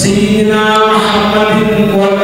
سيدنا محمد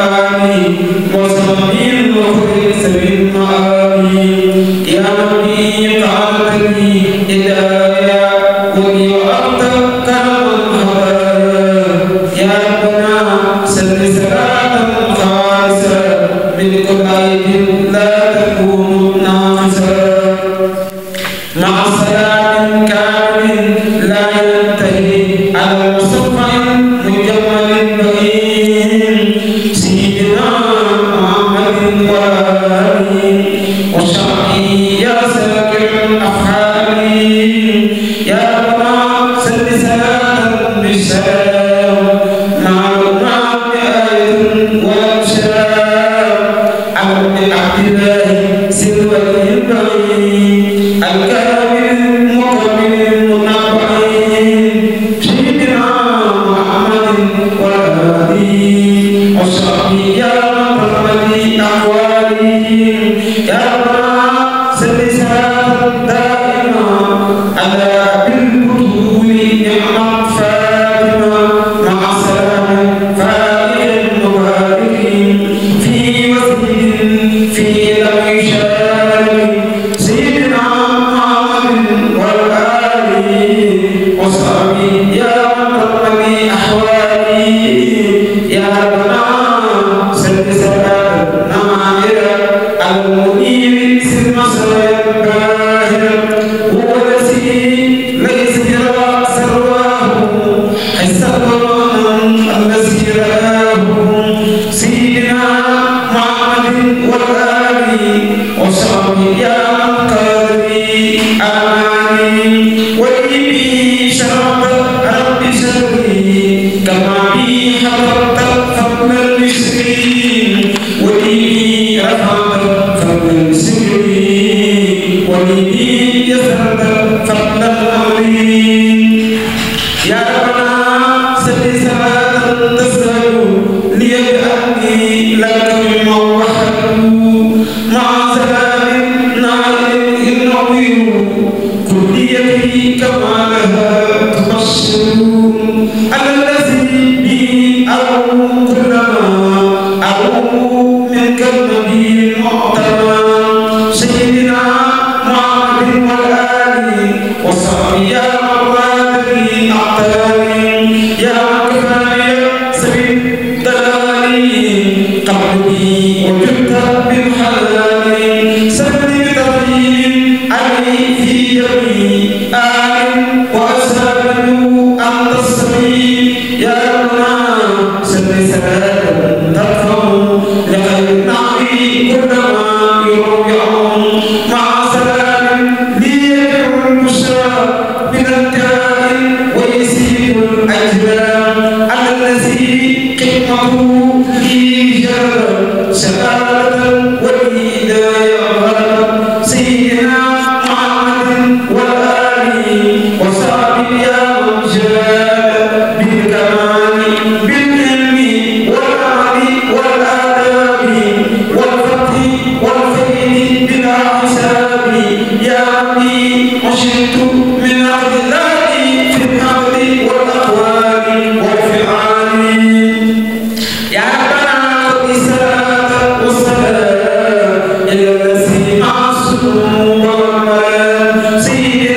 المؤمنين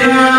yaa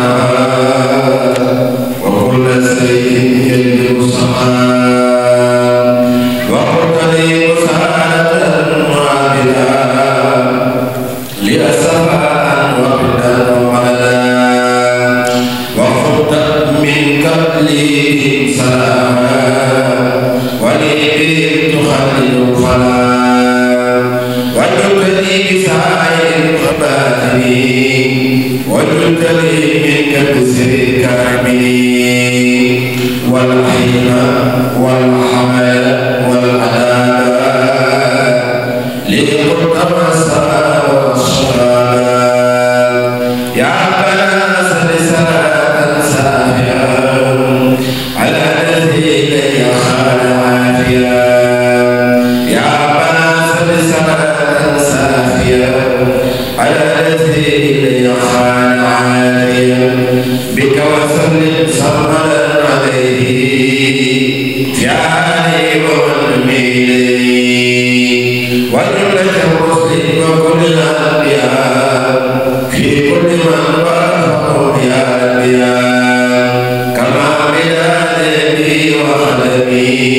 وقدمي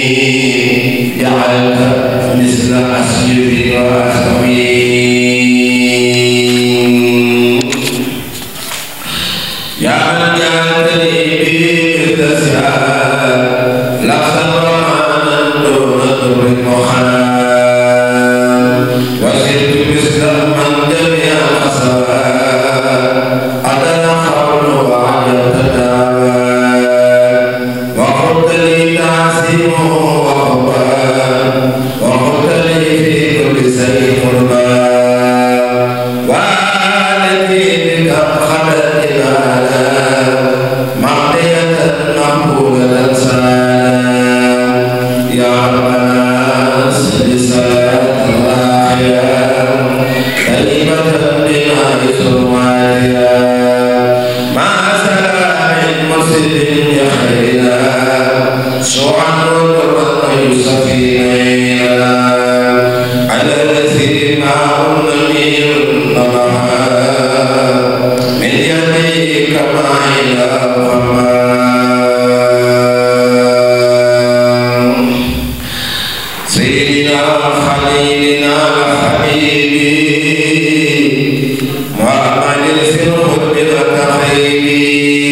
جعلت مثل أسجدي وأسوي حبيبي محمد الفرق بالتخيبي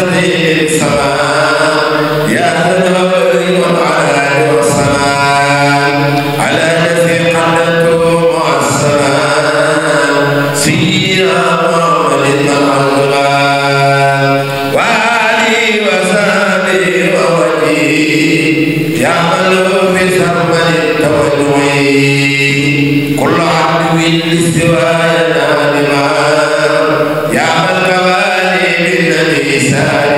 Amen. سوى الأنوار يا من كوالي بالنبي سالي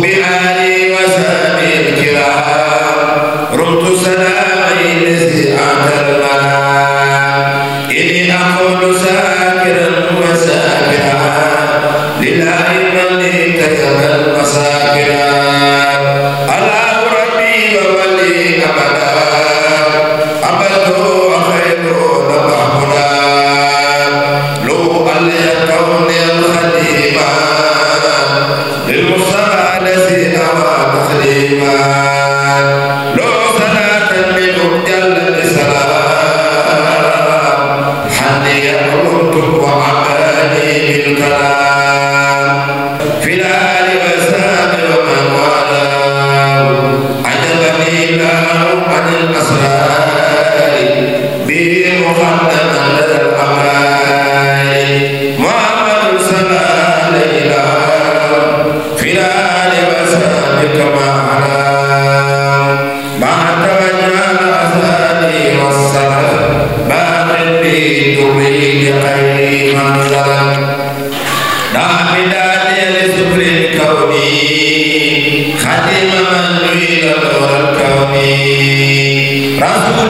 بعالم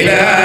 إله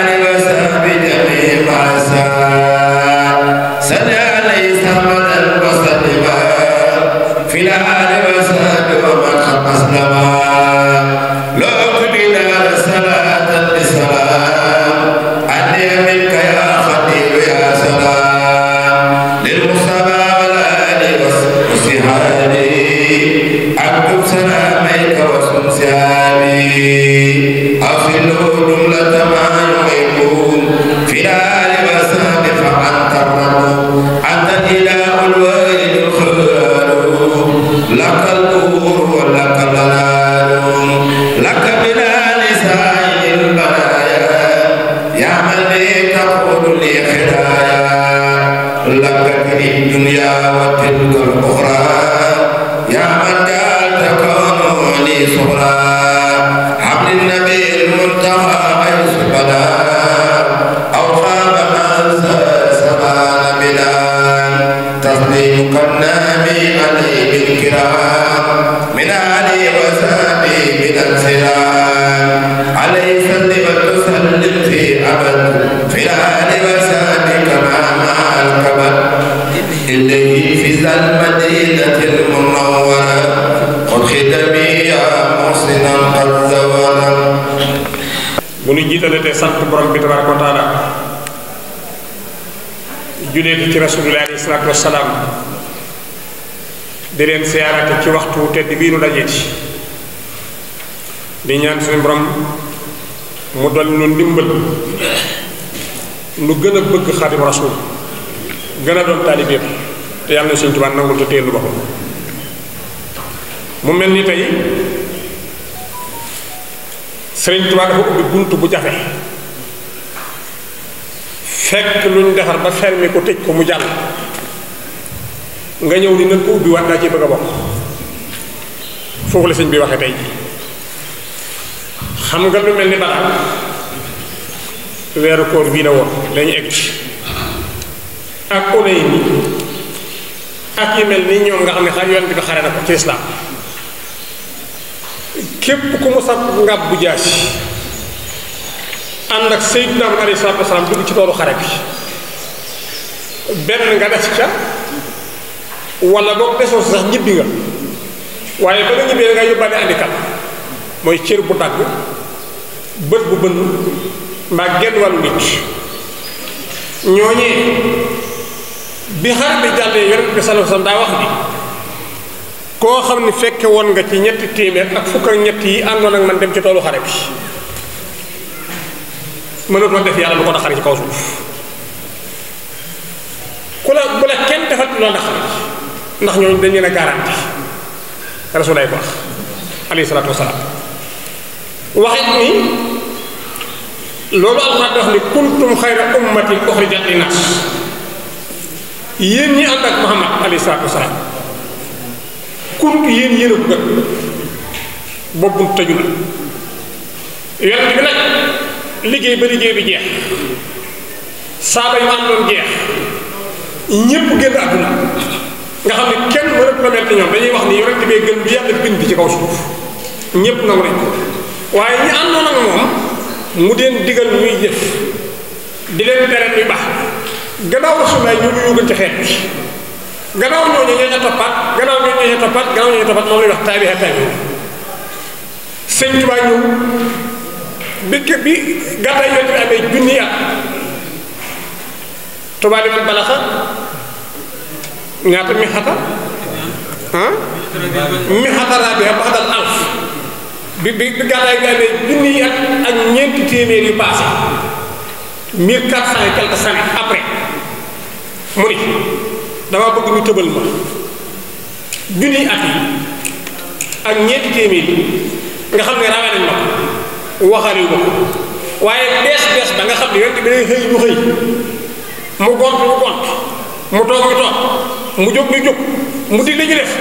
إليه في ذا المدينة المنورة قد خدمي يا محسنا قد زورا bu nu jiitalee sant borom bi tabaraka wa taala julee ci rasulullah alayhi salaatu wasalaam di leen siyaaraate ci waxtu tedd bii nu dajeeti di ñaan suñu borom mu dal nu ndimbal nu gën a bëgg xaadim rasul gën a doon taalibeem te yàlla na Sëñ Tuubaa nangul te teelu boppam mu mel ni tey Sëriñ Tuubaa dafa ubbi bunt bu jafe fekk lu ñu defar ba fermi ko tëj ko mu jàll nga ñëw ni nan ko ubbi waat daa ci bëgg a bokk foofu la sëñ bi waxe tey xam nga lu mel ni balaa weeru koor bii la woon lañu egg ak ulay bi ak yu mel nii ñoom nga xam ne xar yoon bi xare na ko ci lislaam képp ku mu sab ngàb bu jaasi ànd ak Seydina alayhi salaatu wasalaam dugg ci toolu xare bi benn nga des ca wala boo desoo sax ñibbi nga waaye ba nga ñibbee nga yóbbaale handicap mooy cër bu dagg bët bu bënn mbaa genn wàllu nit ñooñee bi xar bi jàllee yonent bi sallallahu daa wax ni koo xam ni fekke woon nga ci ñetti téeméer ak fukk ak ñett yi àndoon ak man dem ci toolu xare bi mënatoo def yàlla lu ko naqari ci kaw suuf ndax ñooñu dañ leen a garanti rasulay wax alayhi salaatu wasalaam waxit ni loolu alxuraan wax ni kuntum xayra ummatin uxrijat linnaas yéen ñi ànd ak Muhammad alayhi salaatu wasalaam kunt yéen yéen a boobu tëju na yonent bi nag liggéey ba liggéey bi jeex saaba yu àndoon jeex ñépp génn àdduna nga xam ne kenn mënatu la mel ni ñoom dañuy wax ni yonent bee gën bi yàlla bind ci kaw suuf ñépp nangu nañ ko waaye ñi àndoon ak moom mu deen digal ñuy jëf di leen tere ñuy baax gannaaw rasulaay ñoo ñu yóbbu ci xeet bi gannaaw ñooñu ñoo ca toppaat gannaaw ñooñu ñoo ca toppaat gannaaw ñoo ca toppaat moom la ñu wax taabi ak bi bi gàddaay yonent bi amee junni at Tuubaa di ñaata mi xata mi xata rabia ba xatal alf bi bi bi gàddaay après mu ni damaa bëgg ñu tëbal ma junniy at yi ak ñeenti téeméer nga xam ne rawee nañ ma ko waxaalewu ma ko waaye bees bees ba nga xam ne yonent bi day xëy ñu xëy mu gont ñu gont mu toog ñu toog mu jóg mu jóg mu digle ñu def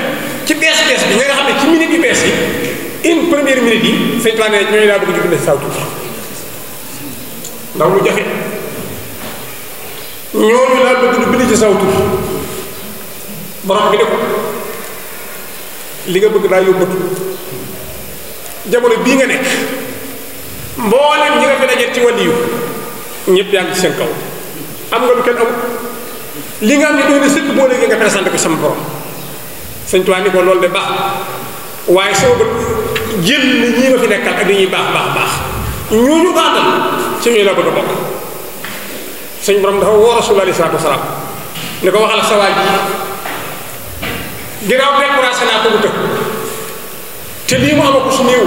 ci bees bees bi ñu nga xam ne ci minute yu bees yi une première minute yi seen planète ñooñu laa bëgg ñu bind saw tuuti ndax lu jafe ñooñu laa bëgg ñu bind ci saw tur borom bi ne ko li nga bëgg daa yóbbatu jamono bii nga nekk mboolem ñi nga fi daje ci wàlliyu ñëpp yaa ngi ci seen kaw am nga li nga am ne doy na sëkk boo nga présenté ko sama borom sëñ Tuubaa ni ko loolu de baax waaye sama bët jël fi nekkal ak li ñuy baax baax baax ñooñu baaxal ci ñuy la bëgg a bokk suñ borom dafa woo rasul alayhi salaatu wasalaam ne ko waxal sa waaj ginnaaw découragé naa ko bu tëkk te lii mu amako su néew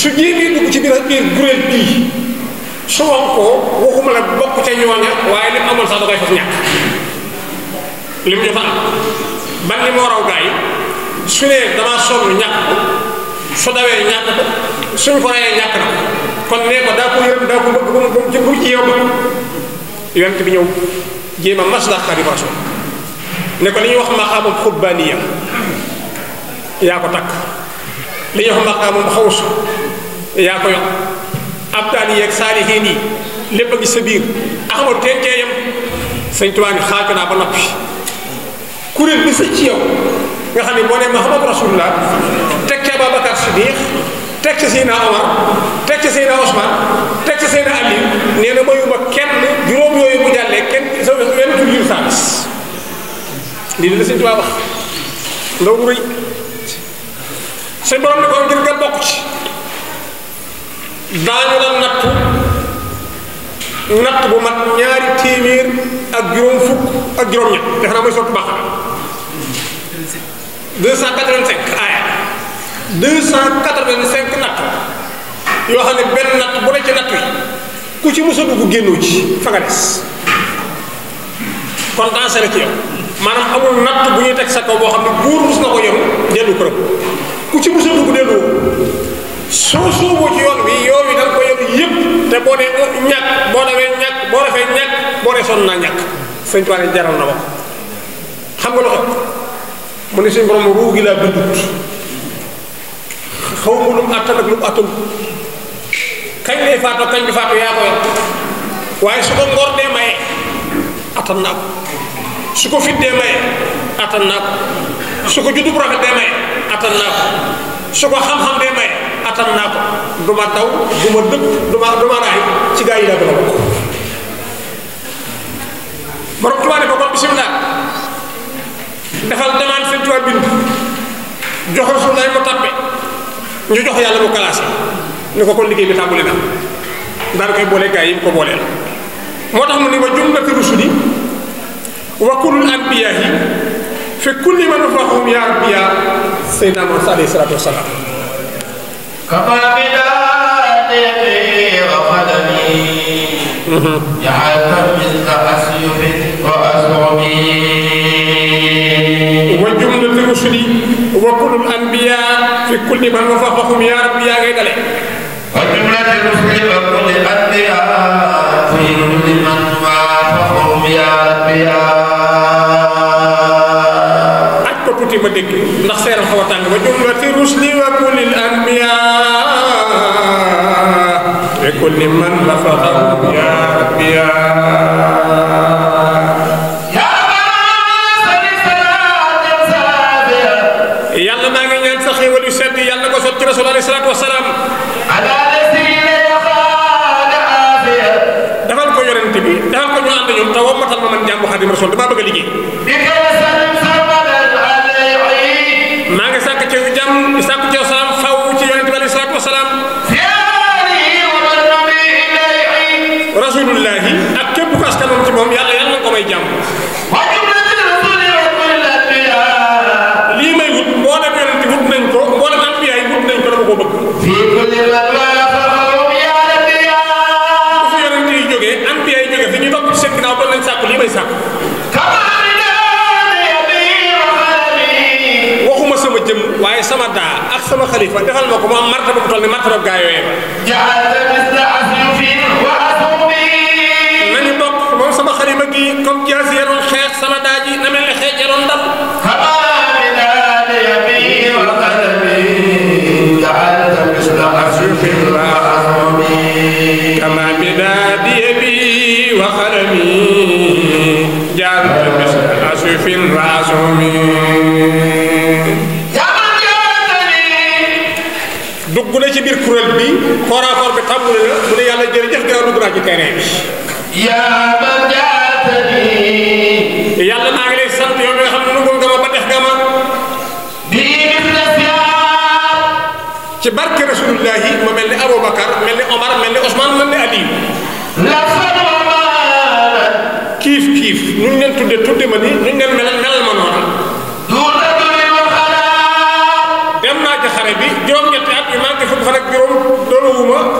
su jéemee dugg ci biir biir guréel bii su am ko waxuma la bokk ca ñooña waaye li mu amoon sax da koy faf ñàkk li mu jot am ban moo raw gaa yi su ne damaa sonn ñàkk ko su dawee ñàkk ko suñ ko reyee ñàkk na kon nee ko daa ko yërëm daa ko bëgg ci yow ba yonent bi ñëw jéem a maslaa xalifaasoo ne ko li ñuy wax maqaamam xurbaaniya yaa ko takk li ñuy wax maqaamam xawus yaa ko yokk abdaal yeeg saalihiin yi lépp a ngi sa biir axamadu teen cee yem sëñ Tuubaa ni xaaju naa ba noppi kuréel bi sa ci yow nga xam ne boo na Muhammadu Rasulullah Siddiq teg ci Seydina Omar teg ci Seydina Ousmane teg ci Seydina Ali nee na mayuma kenn juróom yooyu bu jàllee kenn sa wenn tur jur saabis lii la Sëñ Tuubaa wax ndaw bokk ci daañu la natt natt bu mat ñaari téeméer ak juróom fukk ak juróom ñett defe naa mooy sotti baax 285 deux cent quatre-vingt-cinq natt yoo xam ne benn natt bu ne ci natt yi ku ci mos a génnoo ci fa nga des kon dansé la ci yow maanaam amul natt bu ñuy teg sa kaw boo xam ne buur mus ko yoru dellu këram ku ci mos a dugg dellu soo suuboo ci yëpp te boo dee ñàkk boo boo defee ñàkk boo dee sonn naa ñàkk sëñ nga lu ëpp mu ne gi laa bindut xaw ma lu mu àttan ak lu mu àttan kañ lay faatu kañ bi faatu yaa ko yor waaye su ko ngor dee maye attan naa ko su ko fit dee maye attan naa ko su ko juddu bu dee maye attan naa ko su ko xam-xam dee maye attan naa ko du ma daw du ma dëpp du ma du ma raay ci yi laa gën tubaab ne ko kon bisimilah defal demande seen tubaab bind jox Rasulullah mu tàppe ñu jox yàlla mu classé ni ko kon liggéey bi tàmbali na daal koy boole yi mu ko booleel moo tax mu wa jumlatu rusuli fi kulli man fahum ya rabbiya sayyidina Muhammad alayhi salaatu wa salaam wa jumlatu rusuli wa kullul anbiyaa fi kulli man wa faqahum yaa rabbi yaa ngay dale wa jumlatul muslimi wa kulli anbiya fi kulli man wa faqahum yaa rabbi yaa aj ko tuuti ma dégg ndax seeram xaw a tàng wa jumlatul rusli wa kulli anbiya fi kulli man wa faqahum yaa rabbi yaa Xaadimu Rasuul damaa bëgg a liggéey. xalifa defal ma ko mu am martaba bu toll ni martaba gaa yooyee ci biir kuréel bi kooraakoor bi tàmbali na mu ne yàlla jërëjëf gërëm dugg naa ci terrain bi. yàlla naa ngi lay sant yow mi nga xam ne nu nga ma ba def nga ma. ci barke rasulullahi ma mel ni Aboubacar mel ni Omar mel ni Ousmane mel ni Aliou. kiif kiif nu ñu leen tudde tudde ma ni. ma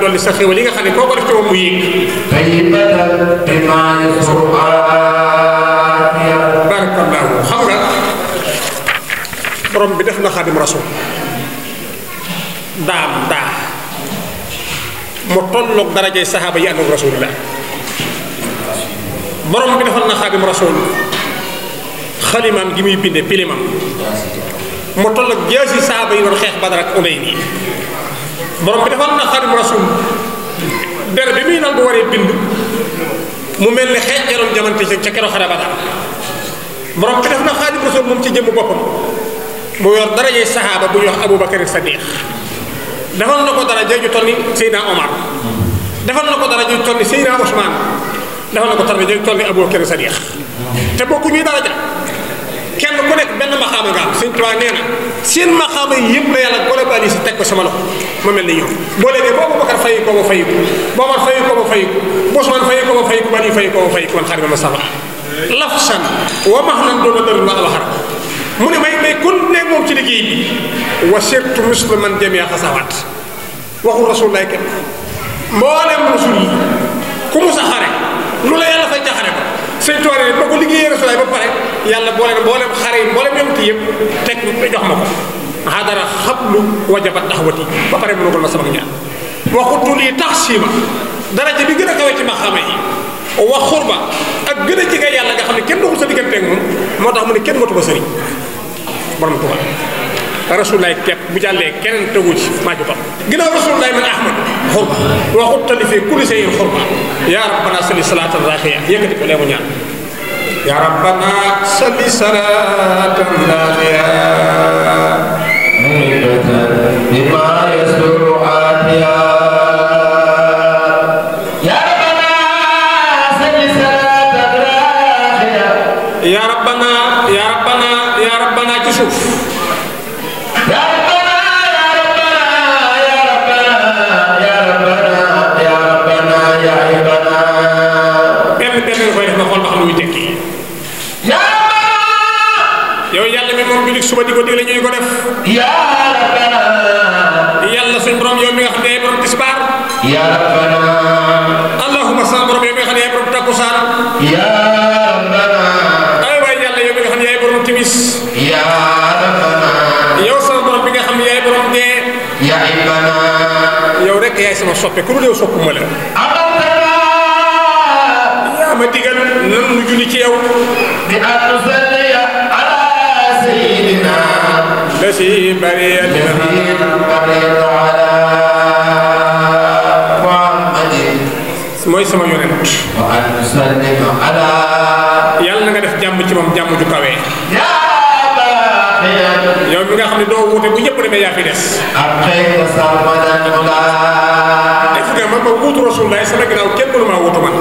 dolli sa xéwal li nga xam ne koo ko def ci mu yéeg. barakallahu xam nga borom bi def na xaadim rasul daam daa mu tolloog darajay saxaaba yi ànd ak rasulillah borom bi defal na xaadim rasul xalimaam gi muy binde pilimam mu tolloog jeesi saxaaba yi doon xeex Badar ak Unayni borom bi defal na xadim rasul der bi muy nangu waree bind mu mel ne xeej jaroon jamante ci ca keroog ba daal borom bi def na xadim rasul moom ci jëmm boppam mu yor dara yee saxaaba bu ñuy wax Abubakar Sadiq defal na ko dara jeeju toll ni Seydina Omar defal na ko dara jeeju toll ni Seydina Ousmane defal na ko dara jeeju toll ni Abubakar Sadiq te bokku ñuy dara kenn ku nekk benn maxaama nga am Sëñ Tuubaa nee na seen maxaama yi yëpp la yàlla globalisé teg ko sama loxo ma mel ni ñoom boo léegi boo Abubakar fayu ko ma fayu ko boo man fayu ko ma fayu ko boo Usmaan fayu ko ma fayu ko ko ma la alxar mu ne may may kon ne moom ci liggéey wa surtout musliman jamia xasawaat waxu rasul lay kenn mboolem rasul yi ku sa xare lu la yàlla fay ca ba pare yàlla boolem boolem xare yi boolem yowti yëpp teg jox ma ko xadara xablu wajabat daxwati ba pare mënugul ma sama ñaan waxutu lii tax siima daraja bi gën a kawe ci maxaama yi wax xurba ak gën a jege yàlla nga xam ne kenn doxul sa digganteeg moom moo tax mu ne kenn watuma sëriñ borom tuba rasulaay kepp bu jàllee keneen tegu ci maaju ba ginnaaw rasulaay man ahmad xurba waxut tali fii kulli sey xurba yaa rabbana sali salaatan raxiya yëkkati ko يا ربنا صل صلاة لا بما يسر ya rabbana allahumma sa borom yow mi nga xam ne yaay borom takkusaan ya rabbana ay waay yàlla yow mi nga xam ne yaay borom timis ya rabbana yow sa borom bi nga xam ne yaay borom dee ya ibana yow rek yaay sama soppe ku dul yow soppuma la yaa ma digal nan nu julli ci yow bi anusaliya ala sayidina la si bariyati ala mooy sama yonent yàlla na nga def jàmm ci moom jàmm ju kawe yow mi nga xam doo wuute bu ñëpp demee yaa fi des est-ce que man ma wuutu Rasulullah sama ginnaaw kenn mënu maa wuutu man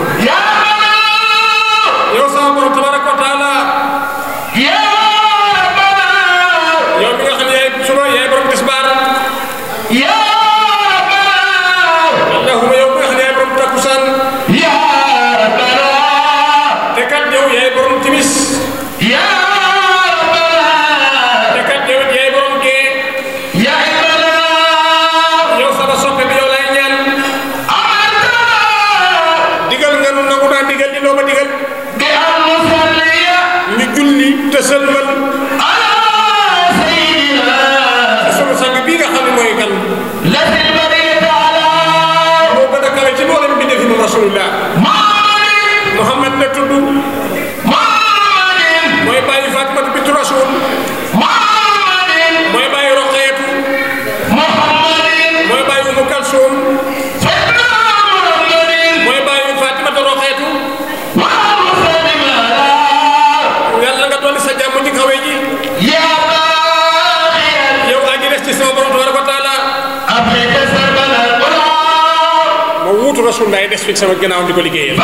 rasulillah Muhammad la tudd explique sama gannaaw di ko liggéeyal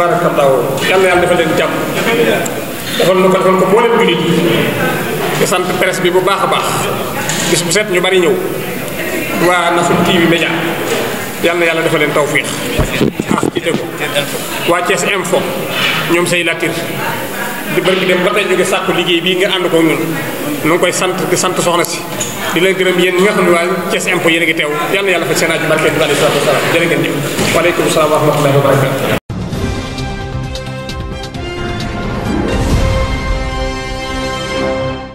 barakallahu yàlla yàlla defal jàmm defal nu ko defal ko mboolem jullit di sant presse bi bu baax a baax bis bu set ñu bari ñëw waa Nasrou TV Média yàlla yàlla defal leen tawfiix ah ci dégg ñoom say latir di bërki dem ba tey jóge sàkku liggéey bii nga ànd ko ñun nu ngi koy sant di sant soxna si di leen gërëm yéen ñi nga xam ne waa Thiès Impôts yéen a ngi teew yal yàlla fa seen aaju barke bi aleyhi salaatu wa salaam jërë wa rahmatullahi wa barakatu